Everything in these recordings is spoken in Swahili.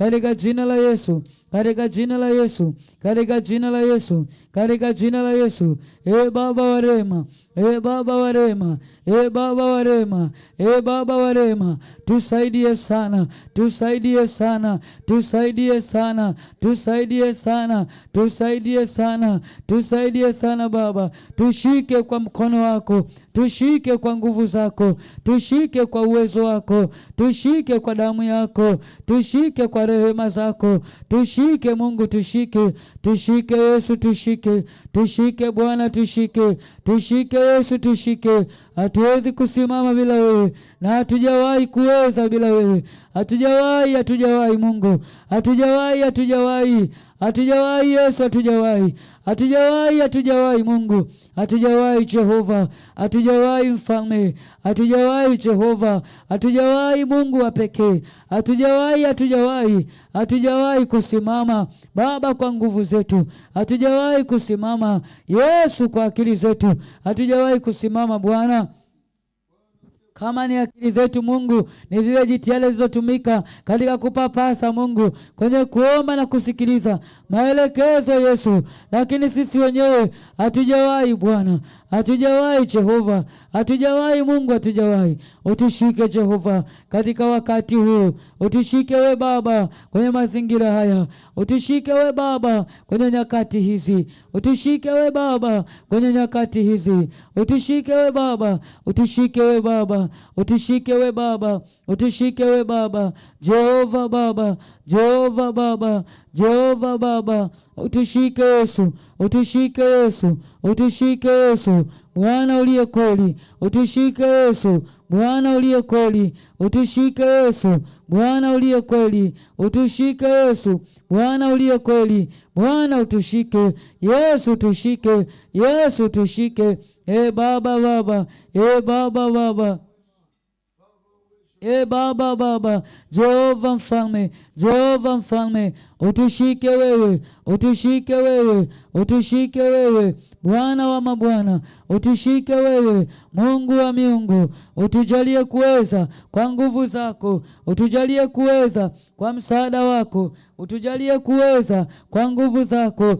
కలిగ జినల యేసు katika jina la Yesu, katika jina la Yesu, katika jina la Yesu. E Baba wa rehema, e Baba wa rehema, e Baba wa rehema, e Baba wa rehema, tusaidie sana, tusaidie sana, tusaidie sana, tusaidie sana, tusaidie sana, tusaidie sana Baba, tushike kwa mkono wako, tushike kwa nguvu zako, tushike kwa uwezo wako, tushike kwa damu yako, tushike kwa rehema zako, tushike Tushike Mungu, tushike, tushike Yesu, tushike, tushike Bwana, tushike, tushike Yesu, tushike Hatuwezi kusimama bila wewe na hatujawahi kuweza bila wewe, hatujawahi, hatujawahi Mungu, hatujawahi, hatujawahi, hatujawahi Yesu, hatujawahi, hatujawahi, hatujawahi Mungu, hatujawahi Jehova, hatujawahi Mfalme, hatujawahi Jehova, hatujawahi Mungu wa pekee, hatujawahi, hatujawahi, hatujawahi kusimama Baba kwa nguvu zetu, hatujawahi kusimama Yesu kwa akili zetu, hatujawahi kusimama Bwana kama ni akili zetu Mungu, ni zile jitihada zilizotumika katika kupapasa Mungu, kwenye kuomba na kusikiliza maelekezo Yesu, lakini sisi wenyewe hatujawahi Bwana Hatujawahi Jehova, hatujawahi Mungu, hatujawahi. Utishike Jehova katika wakati huu, utishike we Baba kwenye mazingira haya, utishike we Baba kwenye nyakati hizi, utishike we Baba kwenye nyakati hizi, utishike we Baba, utishike we Baba, utishike we Baba. Utushike we Baba Jehova, Baba Jehova, Baba Jehova, Baba utushike Yesu, utushike Yesu, utushike Yesu Bwana uliye kweli, utushike Yesu Bwana uliye kweli, utushike Yesu Bwana uliye kweli, utushike Yesu Bwana uliye kweli, Bwana utushike Yesu, utushike Yesu, utushike e Baba, Baba e Baba, Baba E Baba, Baba Jehova mfalme, Jehova mfalme, utushike wewe, utushike wewe, utushike wewe, Bwana wa mabwana, utushike wewe, Mungu wa miungu, utujalie kuweza kwa nguvu zako, utujalie kuweza kwa msaada wako, utujalie kuweza kwa nguvu zako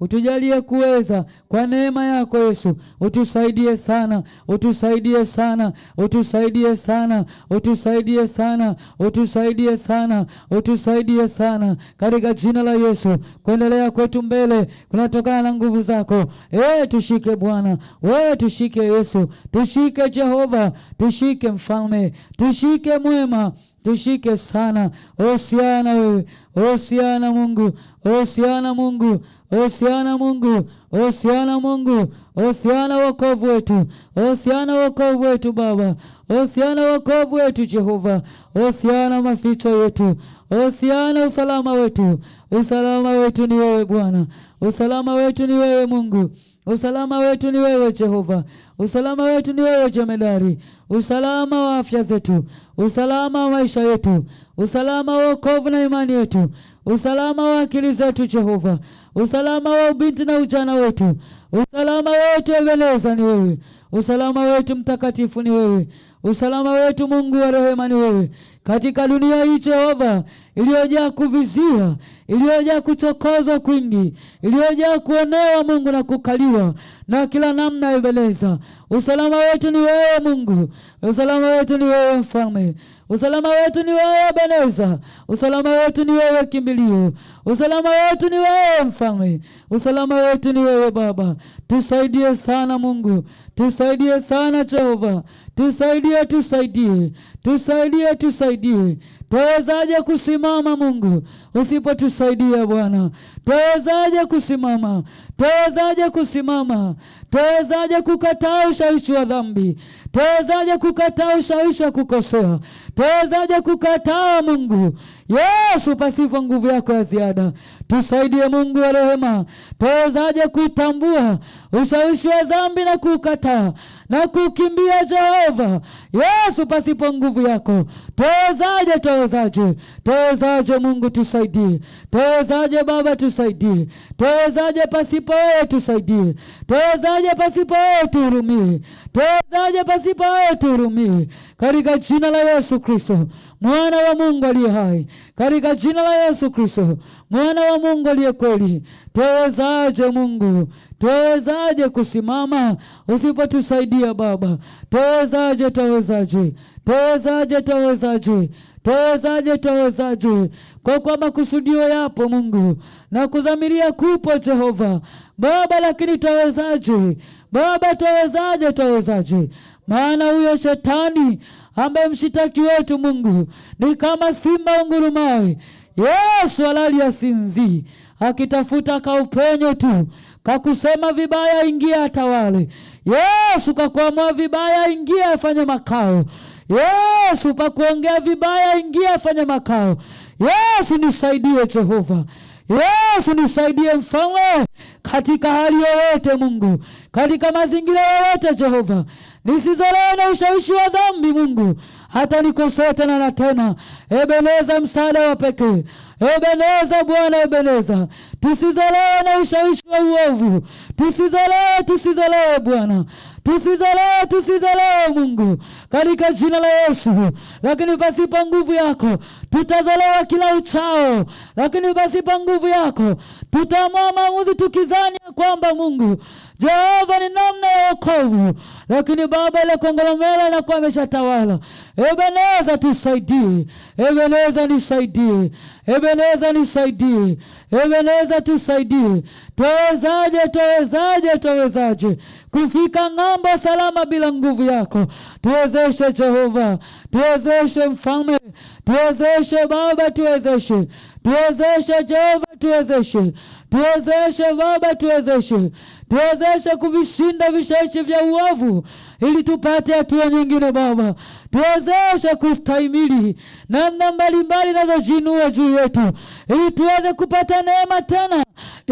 utujalie kuweza kwa neema yako Yesu, utusaidie sana, utusaidie sana, utusaidie sana, utusaidie sana, utusaidie sana, utusaidie sana katika jina la Yesu. Kuendelea kwetu mbele kunatokana na nguvu zako. E, tushike Bwana, wewe tushike Yesu, tushike Jehova, tushike Mfalme, tushike mwema tushike sana. Osiana wewe, osiana Mungu, osiana Mungu, osiana Mungu, osiana Mungu, osiana wokovu wetu, osiana wokovu wetu Baba, osiana wokovu wetu Jehova, osiana maficho yetu, osiana usalama wetu. Usalama wetu ni wewe Bwana, usalama wetu ni wewe Mungu. Usalama wetu ni wewe Jehova, usalama wetu ni wewe jemedari, usalama wa afya zetu, usalama wa maisha yetu, usalama wa wokovu na imani yetu, usalama wa akili zetu Jehova, usalama wa ubinti na ujana wetu, usalama wetu Ebeneza ni wewe, usalama wetu mtakatifu ni wewe, usalama wetu Mungu wa rehema ni wewe. Katika dunia hii Jehova, iliyojaa kuvizia, iliyojaa kuchokozwa kwingi, iliyojaa kuonewa Mungu na kukaliwa na kila namna ya usalama wetu ni wewe Mungu, usalama wetu ni wewe Mfalme, usalama wetu ni wewe Beneza, usalama wetu ni wewe kimbilio, usalama wetu ni wewe Mfalme, usalama wetu ni wewe Baba. Tusaidie sana Mungu, tusaidie sana Jehova, tusaidie, tusaidie, tusaidie, tusaidie tusaidie. Twawezaje kusimama Mungu usipotusaidia Bwana? Twawezaje kusimama? Twawezaje kusimama? Twawezaje kukataa ushawishi wa dhambi? Twawezaje kukataa ushawishi wa kukosea? Tawezaje kukataa Mungu? Yesu, pasipo nguvu yako ya ziada. Tusaidie Mungu wa rehema. Tawezaje kutambua ushawishi wa dhambi na kukataa na kukimbia Jehova? Yesu, pasipo nguvu yako. Tawezaje, tawezaje? Tawezaje Mungu tusaidie. Tawezaje Baba tusaidie. Tawezaje pasipo wewe tusaidie. Tawezaje pasipo wewe tuhurumie. Tuwezaje pasipo yeye? Tuhurumie katika jina la Yesu Kristo, mwana wa Mungu aliye hai, katika jina la Yesu Kristo, mwana wa Mungu aliye kweli. Tuwezaje Mungu, tuwezaje kusimama usipotusaidia Baba? Tuwezaje, tuwezaje, tawezaje tuwezaje tawezaje tawezaje? Kwa kwa makusudio yapo Mungu na kudhamiria kupo Jehova Baba, lakini tawezaje? Baba, tawezaje? Tawezaje? Maana huyo shetani ambaye mshitaki wetu Mungu ni kama simba ungurumawe, Yesu alali asinzii, akitafuta kaupenyo tu, kakusema vibaya, ingia atawale. Yesu kakuamua vibaya, ingia afanye makao. Yesu pakuongea vibaya, ingia afanye makao. Yesu nisaidie, Jehova. Yesu nisaidie mfalme, katika hali yoyote Mungu, katika mazingira yoyote Jehova, nisizolewe na ushawishi wa dhambi Mungu, hata nikosee tena na tena. Ebeneza, msaada wa pekee Ebeneza, Bwana Ebeneza, tusizolewe na ushawishi wa uovu, tusizolewe tusizolewe Bwana tusizalee, tusizalee Mungu, katika jina la Yesu. Lakini pasipo nguvu yako tutazelewa kila uchao, lakini pasipo nguvu yako tutaamua maamuzi tukizani kwamba Mungu Jehova ni namna ya wokovu, lakini Baba ile kongolomela na kwa ameshatawala. Ebeneza, tusaidie. Ebeneza, nisaidie. Ebeneza, nisaidie. Ebeneza, tusaidie. twawezaje tawezaje twawezaje kufika ng'ambo salama bila nguvu yako. Tuwezeshe Jehova, tuwezeshe Mfalme, tuwezeshe Baba, tuwezeshe, tuwezeshe Jehova tuwezeshe, tuwezeshe Baba, tuwezeshe, tuwezeshe kuvishinda vishawishi vya uovu, ili tupate hatua nyingine Baba, tuwezeshe kustahimili namna mbalimbali nazojinua juu yetu, ili tuweze kupata neema tena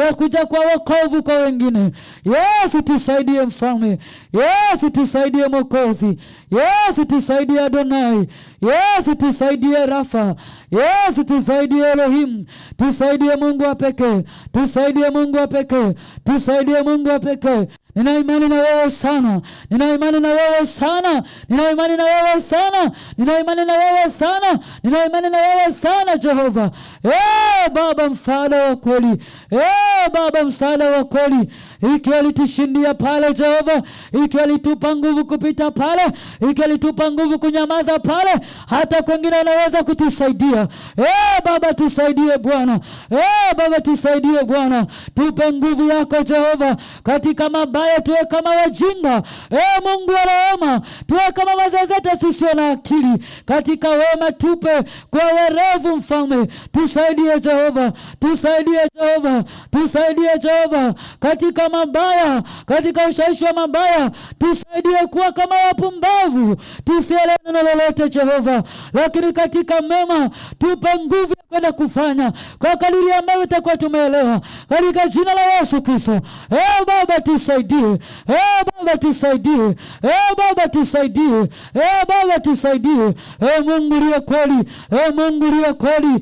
ya kuja kwa wokovu kwa wengine. Yesu tusaidie, Mfalme Yesu tusaidie, Mwokozi Yesu tusaidie, Adonai Yesu tusaidie, Rafa Yesu, tusaidie Elohimu, tusaidie Mungu wa pekee, tusaidie Mungu wa pekee, tusaidie Mungu wa pekee. Nina imani na wewe sana, nina imani na wewe sana, nina imani na wewe sana, nina imani na wewe sana, nina imani na wewe sana Jehova. Eh, Baba msaada wa kweli, eh, Baba msaada wa kweli ikiwa litushindia pale Jehova, ikiwa litupa nguvu kupita pale, ikiwa litupa nguvu kunyamaza pale, hata kwengine anaweza kutusaidia. E Baba, tusaidie Bwana. E Baba, tusaidie Bwana, tupe nguvu yako Jehova katika mabaya, tuwe kama wajinga. E Mungu wa rehema, tuwe kama mazezeta tusio na akili, katika wema tupe kwa werevu, Mfalme tusaidie Jehova, tusaidie Jehova, tusaidie Jehova katika mabaya, katika ushawishi wa mabaya. Tusaidie kuwa kama wapumbavu, tusielewe neno lolote Jehova, lakini katika mema tupe nguvu ya kwenda kufanya kwa kadiri ambayo itakuwa tumeelewa, katika jina la Yesu Kristo. E Baba tusaidie, e Baba tusaidie, e Baba tusaidie, e Baba tusaidie, e Mungu liye kweli, e Mungu liye kweli,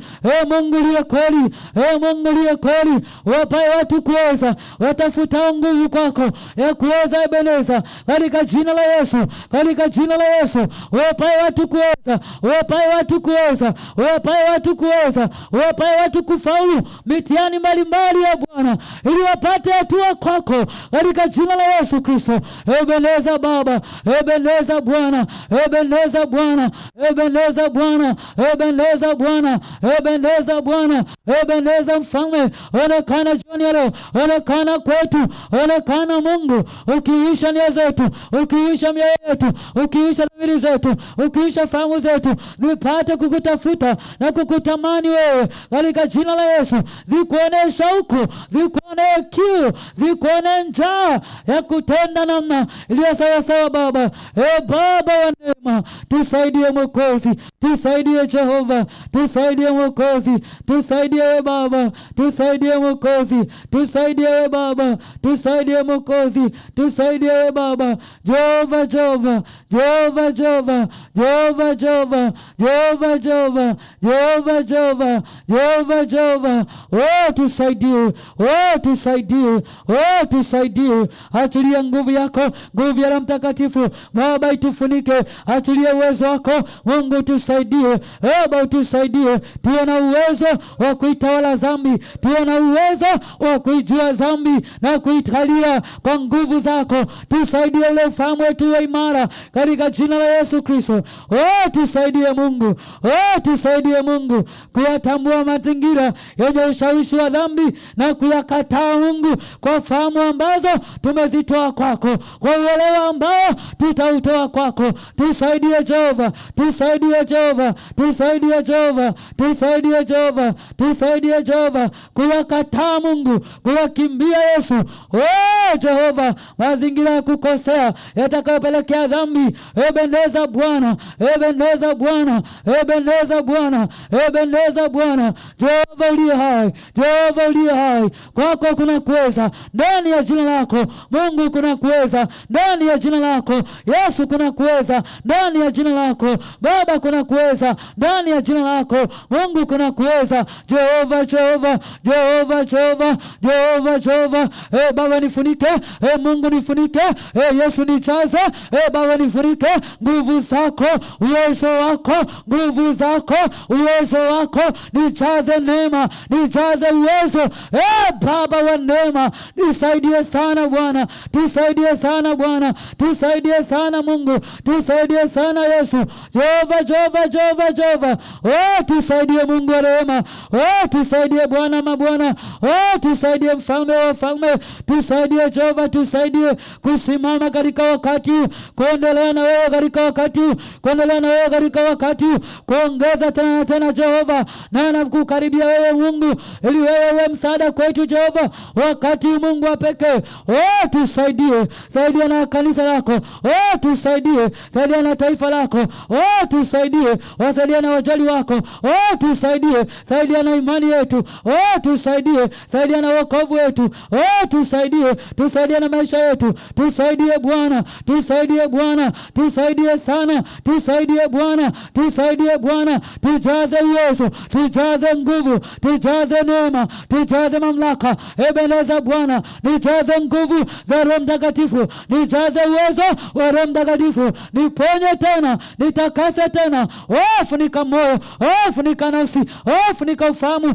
e Mungu liye kweli, e Mungu liye kweli, wapae watu kuweza watafuta Ninazitaa nguvu kwako ya e kuweza Ebeneza, katika jina la Yesu, katika jina la Yesu. Wapae watu kuweza, wapae watu kuweza, wapae watu kuweza, wapae watu kufaulu mitihani mbalimbali ya Bwana, ili wapate hatua kwako, katika jina la Yesu Kristo. Ebeneza Baba, Ebeneza Bwana, Ebeneza Bwana, Ebeneza Bwana, Ebeneza Bwana, Ebeneza Bwana, Ebeneza Mfalme, onekana jioni ya leo, onekana kwetu onekana Mungu, ukiisha nia zetu, ukiisha mioyo yetu, ukiisha dhamiri zetu, ukiisha fahamu zetu, nipate kukutafuta na kukutamani wewe, katika jina la Yesu. Zikuonee shauku, zikuonee kiu, zikuonee njaa ya kutenda namna iliyo sawasawa, Baba. E Baba wa neema, tusaidie Mwokozi, tusaidie Jehova, tusaidie Mwokozi, tusaidie we Baba, tusaidie Mwokozi, tusaidie we Baba tusaidie mokozi tusaidie we Baba Jehova, Jehova, Jehova, Jehova, Jehova, Jehova, Jehova, Jehova, Jehova, Jehova, Jehova, Jehova, oh tusaidie, oh tusaidie, oh tusaidie, achilia nguvu yako, nguvu ya Mtakatifu Baba itufunike, achilia uwezo wako Mungu, tusaidie Baba, utusaidie, tuwe na uwezo wa kuitawala dhambi, tuwe na uwezo wa kuijua dhambi na kuitalia kwa nguvu zako, tusaidie ule ufahamu wetu uwe imara katika jina la Yesu Kristo. Oh, tusaidie Mungu, oh, tusaidie Mungu kuyatambua mazingira yenye ushawishi wa dhambi na kuyakataa Mungu, kwa fahamu ambazo tumezitoa kwako, kwa uelewa ambao tutautoa kwako. Tusaidie Jehova, tusaidie Jehova, tusaidie Jehova, tusaidie Jehova, tusaidie Jehova kuyakataa Mungu, kuyakimbia Yesu Oh Jehova, mazingira ya kukosea yatakayopelekea dhambi, ebendeza ee, Bwana, ebendeza ee, Bwana, ebendeza Bwana, ebendeza Bwana. Jehova uliye hai, Jehova uliye hai, kwako kuna kuweza, ndani ya jina lako Mungu kuna kuweza, ndani ya jina lako Yesu kuna kuweza, ndani ya jina lako Baba kuna kuweza, ndani ya jina lako Mungu kuna kuweza. Jehova, Jehova, Jehova, Jehova, Jehova, Jehova e Baba nifunike, e Mungu nifunike, e Yesu nijaze, e Baba nifunike, nguvu zako, uwezo wako, nguvu zako, uwezo wako, nijaze neema, nijaze uwezo, e Baba wa neema, nisaidie sana Bwana, tusaidie sana Bwana, tusaidie sana Mungu, tusaidie sana Yesu, Jehova, Jehova, Jehova, Jehova, oh, tusaidie Mungu wa rehema, oh, tusaidie Bwana mabwana, oh, tusaidie mfalme wa wafalme Tusaidie Jehova, tusaidie kusimama katika wakati, kuendelea na wewe katika wakati, kuendelea na wewe katika wakati, kuongeza tena tena Jehova, na nakukaribia wewe Mungu, ili wewe uwe msaada kwetu Jehova, wakati Mungu wa pekee. Oh, tusaidie, saidia na kanisa lako. Oh, tusaidie, saidia na taifa lako. Oh, tusaidie, wasaidia na wajali wako. Oh, tusaidie, saidia na imani yetu. Oh, tusaidie, saidia na wokovu wetu. Oh, tusaidie, tusaidie na maisha yetu, tusaidie Bwana, tusaidie Bwana, tusaidie sana, tusaidie Bwana, tusaidie Bwana, tujaze uwezo, tujaze nguvu, tujaze neema, tujaze mamlaka. Ebeleza Bwana, nijaze nguvu za Roho Mtakatifu, nijaze uwezo wa Roho Mtakatifu, niponye tena, nitakase tena. Funika moyo, nika nafsi, funika ufahamu,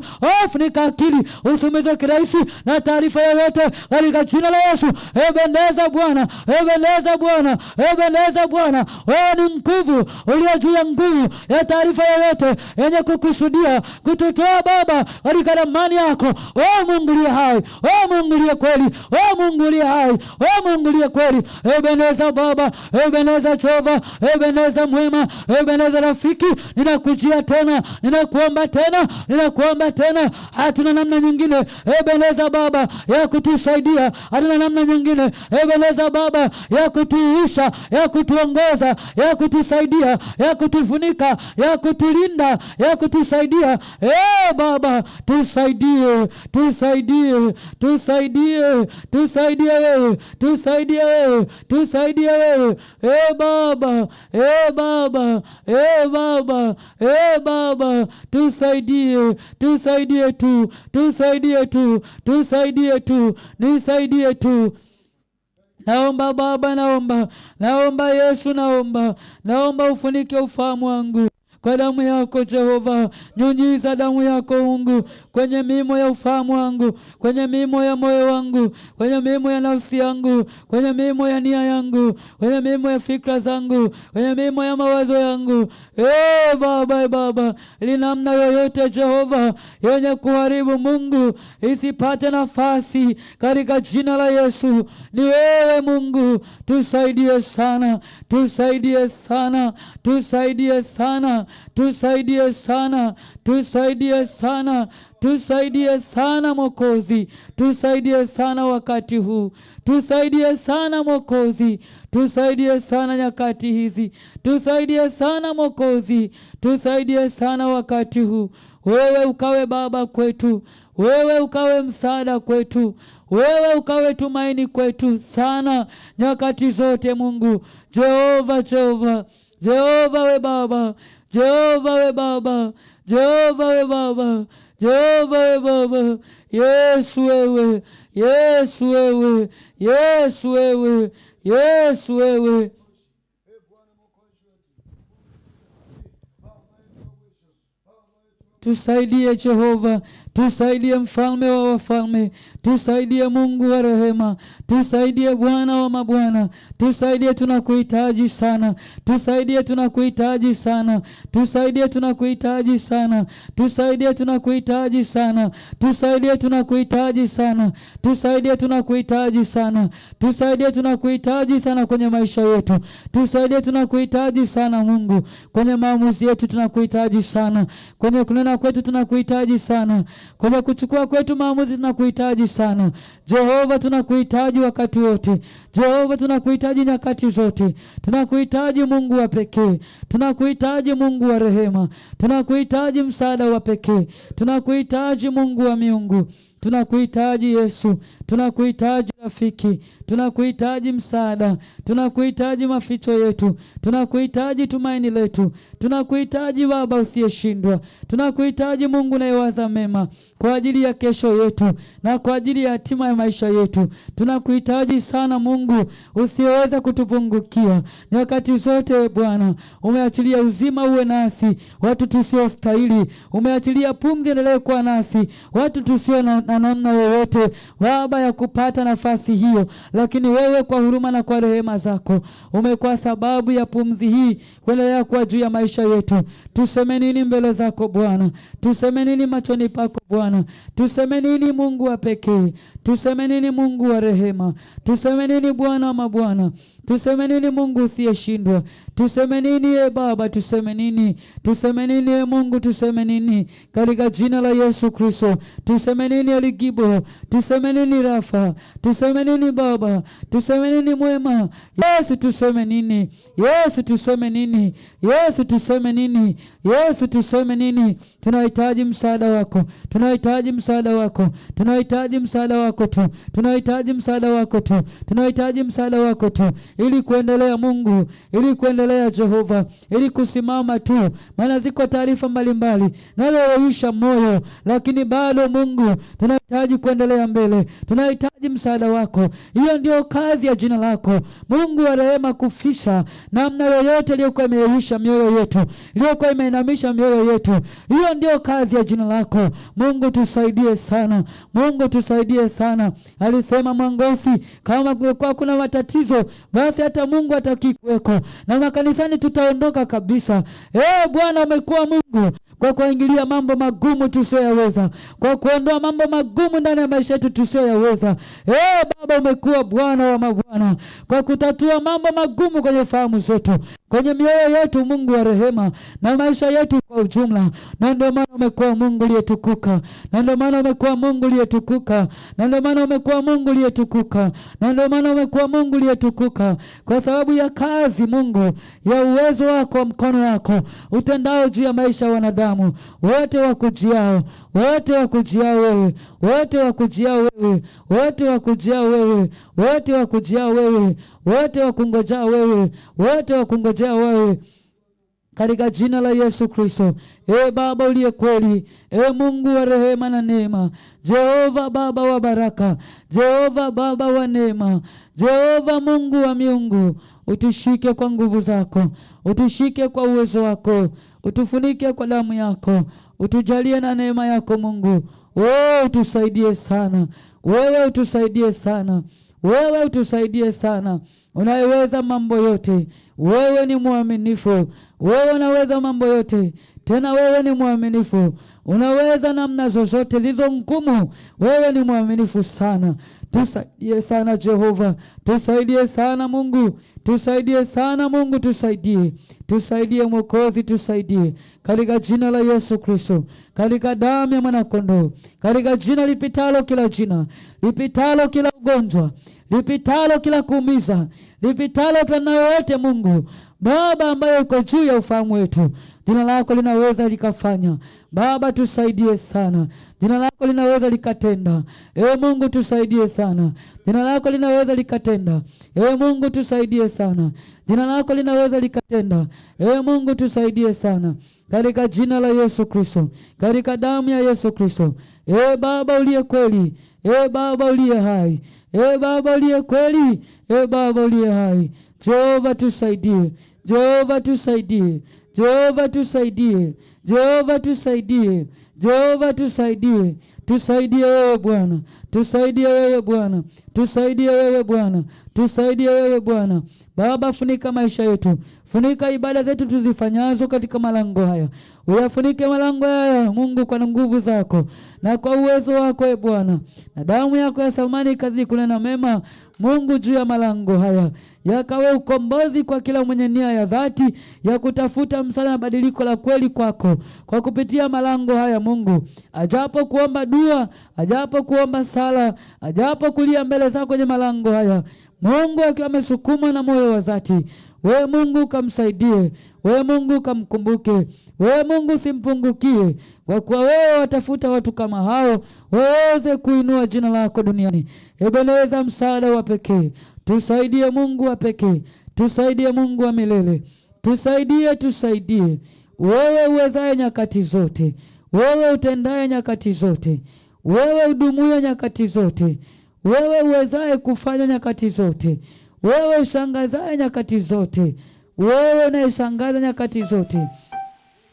nika akili, usumizo kirahisi na taarifa yoyote katika jina la Yesu. Ebendeza ee Bwana, ebendeza ee Bwana, ebendeza ee Bwana. Wewe ni nguvu ulio juu ya nguvu ya taarifa yoyote yenye kukusudia kututoa Baba katika ramani yako. Wewe Mungu uliye hai, wewe Mungu uliye kweli, wewe Mungu uliye hai, wewe Mungu uliye kweli. Ebeneza Baba, ebeneza Jehova, ebeneza mwema, ebeneza rafiki. Ninakujia tena, ninakuomba tena, ninakuomba tena, hatuna namna nyingine. Ebeneza Baba ya kutu kutusaidia, hatuna namna nyingine. Egeleza Baba ya kutuisha, ya kutuongoza, ya kutusaidia, ya kutufunika, ya kutulinda, ya kutusaidia. E Baba, tusaidie, tusaidie, tusaidie, tusaidie wewe, tusaidie wewe, tusaidie wewe. E Baba, e Baba, e Baba, e Baba, tusaidie, tusaidie tu, tusaidie tu, tusaidie tu nisaidie tu. Naomba Baba, naomba naomba Yesu, naomba naomba ufunike ufahamu wangu kwa damu yako Jehova, nyunyiza damu yako Mungu kwenye mimo ya ufahamu wangu, kwenye mimo ya moyo wangu, kwenye mimo ya nafsi yangu, kwenye mimo ya nia yangu, kwenye mimo ya fikra zangu, kwenye mimo ya mawazo yangu. Ee Baba, ee Baba, ili namna yoyote Jehova yenye kuharibu Mungu isipate nafasi katika jina la Yesu. Ni wewe Mungu, tusaidie sana, tusaidie sana, tusaidie sana tusaidie sana, tusaidie sana, tusaidie sana Mwokozi, tusaidie sana wakati huu, tusaidie sana Mwokozi, tusaidie sana nyakati hizi, tusaidie sana Mwokozi, tusaidie sana wakati huu, wewe ukawe baba kwetu, wewe ukawe msaada kwetu wewe ukawe tumaini kwetu sana nyakati zote, Mungu Jehova, Jehova, Jehova we Baba Jehovah Baba, Jehovah Baba, Jehovah Baba, yes we will, yes Tusaidie Jehova, tusaidie mfalme wa wafalme, tusaidie Mungu wa rehema, tusaidie Bwana wa mabwana, tusaidie, tunakuhitaji sana, tusaidie, tunakuhitaji sana, tusaidie, tunakuhitaji sana, tusaidie, tunakuhitaji sana, tusaidie, tunakuhitaji sana, tusaidie, tunakuhitaji sana, tusaidie, tunakuhitaji sana kwenye maisha yetu, tusaidie, tunakuhitaji sana Mungu, kwenye maamuzi yetu tunakuhitaji sana, kwenye kunena kwetu tunakuhitaji sana, kwa kuchukua kwetu maamuzi tunakuhitaji sana Jehova, tunakuhitaji wakati wote Jehova, tunakuhitaji nyakati zote, tunakuhitaji Mungu wa pekee, tunakuhitaji Mungu wa rehema, tunakuhitaji msaada wa pekee, tunakuhitaji Mungu wa miungu tunakuhitaji Yesu, tunakuhitaji rafiki, tunakuhitaji msaada, tunakuhitaji maficho yetu, tunakuhitaji tumaini letu, Tunakuhitaji Baba usiyeshindwa, tunakuhitaji Mungu unayewaza mema kwa ajili ya kesho yetu na kwa ajili ya hatima ya maisha yetu. Tunakuhitaji sana Mungu usiyeweza kutupungukia. Ni wakati zote ee Bwana umeachilia uzima uwe nasi watu tusiostahili, umeachilia pumzi endelee kuwa nasi watu tusio na, na namna yoyote Baba ya kupata nafasi hiyo, lakini wewe kwa huruma na kwa rehema zako umekuwa sababu ya pumzi hii kuendelea kuwa juu ya maisha maisha yetu. Tuseme nini mbele zako Bwana? Tuseme nini machoni pako Bwana? Tuseme nini Mungu wa pekee? Tuseme nini Mungu wa rehema? Tuseme nini Bwana mabwana? Tuseme nini Mungu usiyeshindwa? Tuseme nini e Baba? Tuseme nini? Tuseme nini e Mungu? Tuseme nini? Katika jina la Yesu Kristo. Tuseme nini Aligibo? Tuseme nini Rafa? Tuseme nini Baba? Tuseme nini mwema? Yesu tuseme nini? Yesu tuseme nini? Yesu tuseme nini? Yesu tuseme nini? Tunahitaji msaada wako, tunahitaji msaada wako, tunahitaji msaada wako tu, tunahitaji msaada wako tu, tunahitaji msaada wako tu, ili kuendelea Mungu, ili kuendelea Jehova, ili kusimama tu, maana ziko taarifa mbalimbali nazoisha moyo, lakini bado Mungu tunahitaji kuendelea mbele, tunahitaji msaada wako. Hiyo ndio kazi ya jina lako Mungu wa rehema, kufisha namna yoyote iliyokuwa imeisha mioyo yetu yetu, iliyokuwa imeinamisha mioyo yetu. Hiyo ndio kazi ya jina lako Mungu, tusaidie sana Mungu, tusaidie sana. Alisema Mwangosi, kama kungekuwa kuna matatizo, basi hata Mungu atakikuweko na makanisani tutaondoka kabisa. Ee Bwana, umekuwa Mungu kwa kuingilia mambo magumu tusiyoyaweza, kwa kuondoa mambo magumu ndani ya maisha yetu tusiyoyaweza. Ee Baba, umekuwa Bwana wa mabwana, kwa kutatua mambo magumu kwenye fahamu zetu, kwenye mioyo yetu, Mungu wa rehema, na maisha yetu kwa ujumla. Na ndio maana umekuwa Mungu uliyetukuka, na ndio maana umekuwa Mungu uliyetukuka, na ndio maana umekuwa Mungu uliyetukuka, na ndio maana umekuwa Mungu uliyetukuka, kwa sababu ya kazi Mungu ya uwezo wako, mkono wako utendao juu ya maisha wanadamu wanadamu wote wakujiao, wote wakujiao wewe, wote wakujiao wewe, wote wakujiao wewe, wote wakujiao wewe, wote wakungojao wewe, wote wakungojao wewe katika jina la Yesu Kristo. E Baba uliye kweli, e Mungu wa rehema na neema, Jehova Baba wa baraka, Jehova Baba wa neema, Jehova Mungu wa miungu, utushike kwa nguvu zako, utushike kwa uwezo wako utufunike kwa damu yako, utujalie na neema yako Mungu. Wewe utusaidie sana, wewe utusaidie sana, wewe utusaidie sana. Unaweza mambo yote, wewe ni mwaminifu, wewe unaweza mambo yote tena wewe ni mwaminifu, unaweza namna zozote zilizo ngumu. Wewe ni mwaminifu sana. Tusaidie sana Jehova, tusaidie sana Mungu, tusaidie sana Mungu, tusaidie, tusaidie Mwokozi, tusaidie katika jina la Yesu Kristo, katika damu ya mwanakondoo, katika jina lipitalo kila jina, lipitalo kila ugonjwa, lipitalo kila kuumiza, lipitalo kila nayo yote, Mungu Baba ambaye uko juu ya ufahamu wetu Jina lako linaweza likafanya. Baba, tusaidie sana. Jina lako linaweza likatenda. Ewe Mungu, tusaidie sana. Jina lako linaweza likatenda. Ewe Mungu, tusaidie sana. Jina lako linaweza likatenda. Ewe Mungu, tusaidie sana, katika jina la Yesu Kristo, katika damu ya Yesu Kristo. Ewe Baba uliye kweli, ewe Baba uliye hai, ewe Baba uliye kweli, ewe Baba uliye hai, Jehova tusaidie, Jehova tusaidie Jehova tusaidie, Jehova tusaidie, Jehova tusaidie, tusaidie wewe Bwana, tusaidie wewe Bwana, tusaidie wewe Bwana, tusaidie wewe Bwana. Baba, funika maisha yetu, funika ibada zetu tuzifanyazo katika malango haya, uyafunike malango haya Mungu kwa nguvu zako na kwa uwezo wako e Bwana, na damu yako ya thamani kazi kunena mema Mungu juu ya malango haya yakawe ukombozi kwa kila mwenye nia ya dhati ya kutafuta msala na badiliko la kweli kwako. Kwa kupitia malango haya Mungu, ajapo kuomba dua, ajapo kuomba sala, ajapo kulia mbele zako kwenye malango haya Mungu, akiwa amesukumwa na moyo wa dhati, we Mungu kamsaidie, we Mungu kamkumbuke, we Mungu simpungukie, kwa kuwa wewe watafuta watu kama hao waweze kuinua jina lako duniani. Ebeneza msaada wa pekee Tusaidie Mungu wa pekee, tusaidie Mungu wa milele, tusaidie, tusaidie wewe uwezaye nyakati zote, wewe utendaye nyakati zote, wewe udumuye nyakati zote, wewe uwezaye kufanya nyakati zote, wewe ushangazaye nyakati zote, wewe unayeshangaza nyakati zote,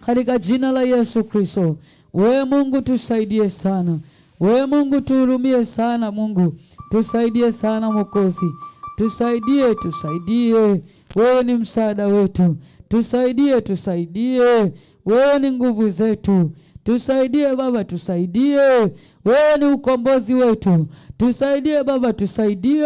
katika jina la Yesu Kristo. Wewe Mungu tusaidie sana, wewe Mungu tuhurumie sana, Mungu tusaidie sana Mwokozi tusaidie, tusaidie, wewe ni msaada wetu, tusaidie, tusaidie, wewe ni nguvu zetu, tusaidie Baba, tusaidie, wewe ni ukombozi wetu, tusaidie Baba, tusaidie,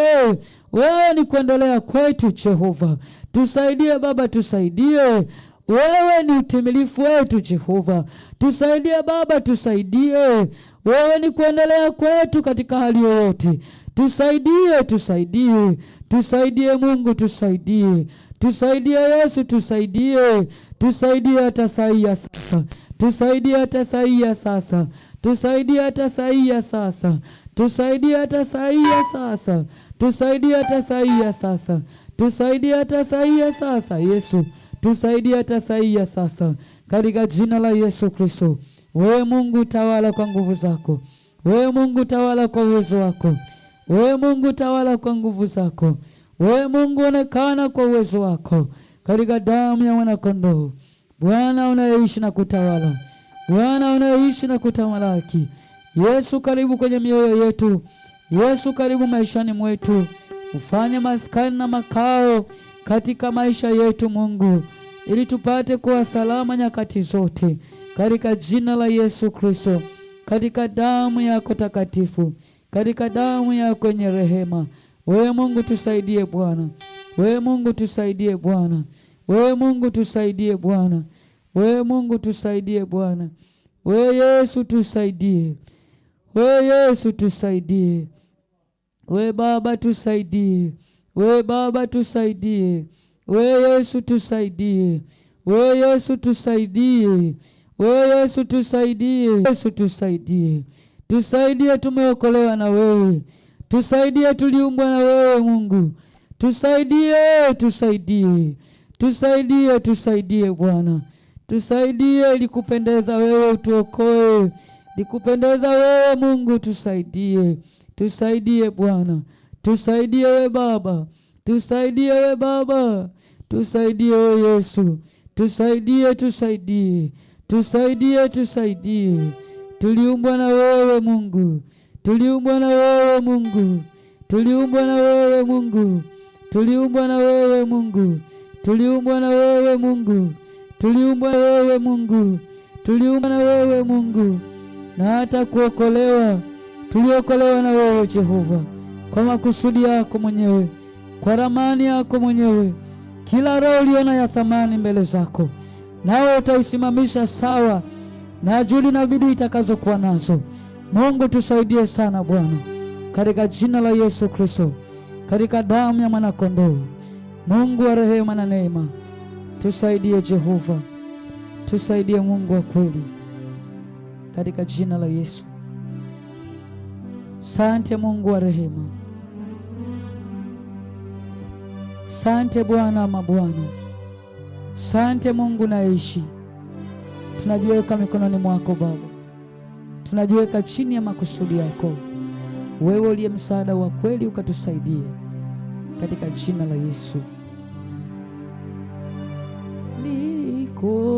wewe ni kuendelea kwetu, Jehova, tusaidie Baba, tusaidie wewe ni utimilifu wetu Jehova, tusaidie Baba, tusaidie. Wewe ni kuendelea kwetu katika hali yoyote, tusaidie, tusaidie. Tusaidie Mungu, tusaidie, tusaidie Yesu, tusaidie, tusaidie hata saa sasa, tusaidie hata saa sasa, tusaidie hata saa sasa, tusaidie hata saa sasa, tusaidie hata saa sasa, tusaidie hata saa sasa, Yesu tusaidie hata saa sasa, katika jina la Yesu Kristo. Wewe Mungu tawala kwa nguvu zako, wewe Mungu tawala kwa uwezo wako wewe Mungu tawala kwa nguvu zako. Wewe Mungu onekana kwa uwezo wako katika damu ya kondoo. Bwana unayeishi na kutawala, Bwana unayeishi na kutamalaki. Yesu karibu kwenye mioyo yetu, Yesu karibu maishani mwetu, ufanye maskani na makao katika maisha yetu Mungu, ili tupate kuwa salama nyakati zote, katika jina la Yesu Kristo, katika damu yako takatifu katika damu yako yenye rehema. Wewe Mungu tusaidie Bwana, wewe Mungu tusaidie Bwana, wewe Mungu tusaidie Bwana, wewe Mungu tusaidie Bwana, wewe Yesu tusaidie, wewe Yesu tusaidie, wewe Baba tusaidie, wewe Baba tusaidie, wewe Yesu tusaidie, wewe Yesu tusaidie, wewe Yesu tusaidie, Yesu tusaidie Tusaidie, tumeokolewa na wewe, tusaidie, tuliumbwa na wewe Mungu, tusaidie, tusaidie, tusaidie, tusaidie Bwana, tusaidie likupendeza wewe, utuokoe likupendeza wewe Mungu, tusaidie, tusaidie Bwana, tusaidie we Baba, tusaidie we Baba, tusaidie we Yesu, tusaidie, tusaidie, tusaidie, tusaidie Tuliumbwa na wewe Mungu, tuliumbwa na wewe Mungu, tuliumbwa na wewe Mungu, tuliumbwa na wewe Mungu, tuliumbwa na wewe Mungu, tuliumbwa na wewe Mungu, tuliumbwa na wewe Mungu, na hata kuokolewa tuliokolewa na wewe Jehova, kwa makusudi yako mwenyewe, kwa ramani yako mwenyewe. Kila roho uliona ya thamani mbele zako, nawe utaisimamisha sawa na juhudi na bidii itakazokuwa nazo. Mungu tusaidie sana Bwana, katika jina la Yesu Kristo, katika damu ya mwanakondoo. Mungu wa rehema na neema, tusaidie Jehova, tusaidie Mungu wa kweli, katika jina la Yesu. Sante Mungu wa rehema, sante Bwana mabwana, sante Mungu naishi tunajiweka mikononi mwako Baba, tunajiweka chini ya makusudi yako wewe, uliye msaada wa kweli, ukatusaidie katika jina la Yesu liko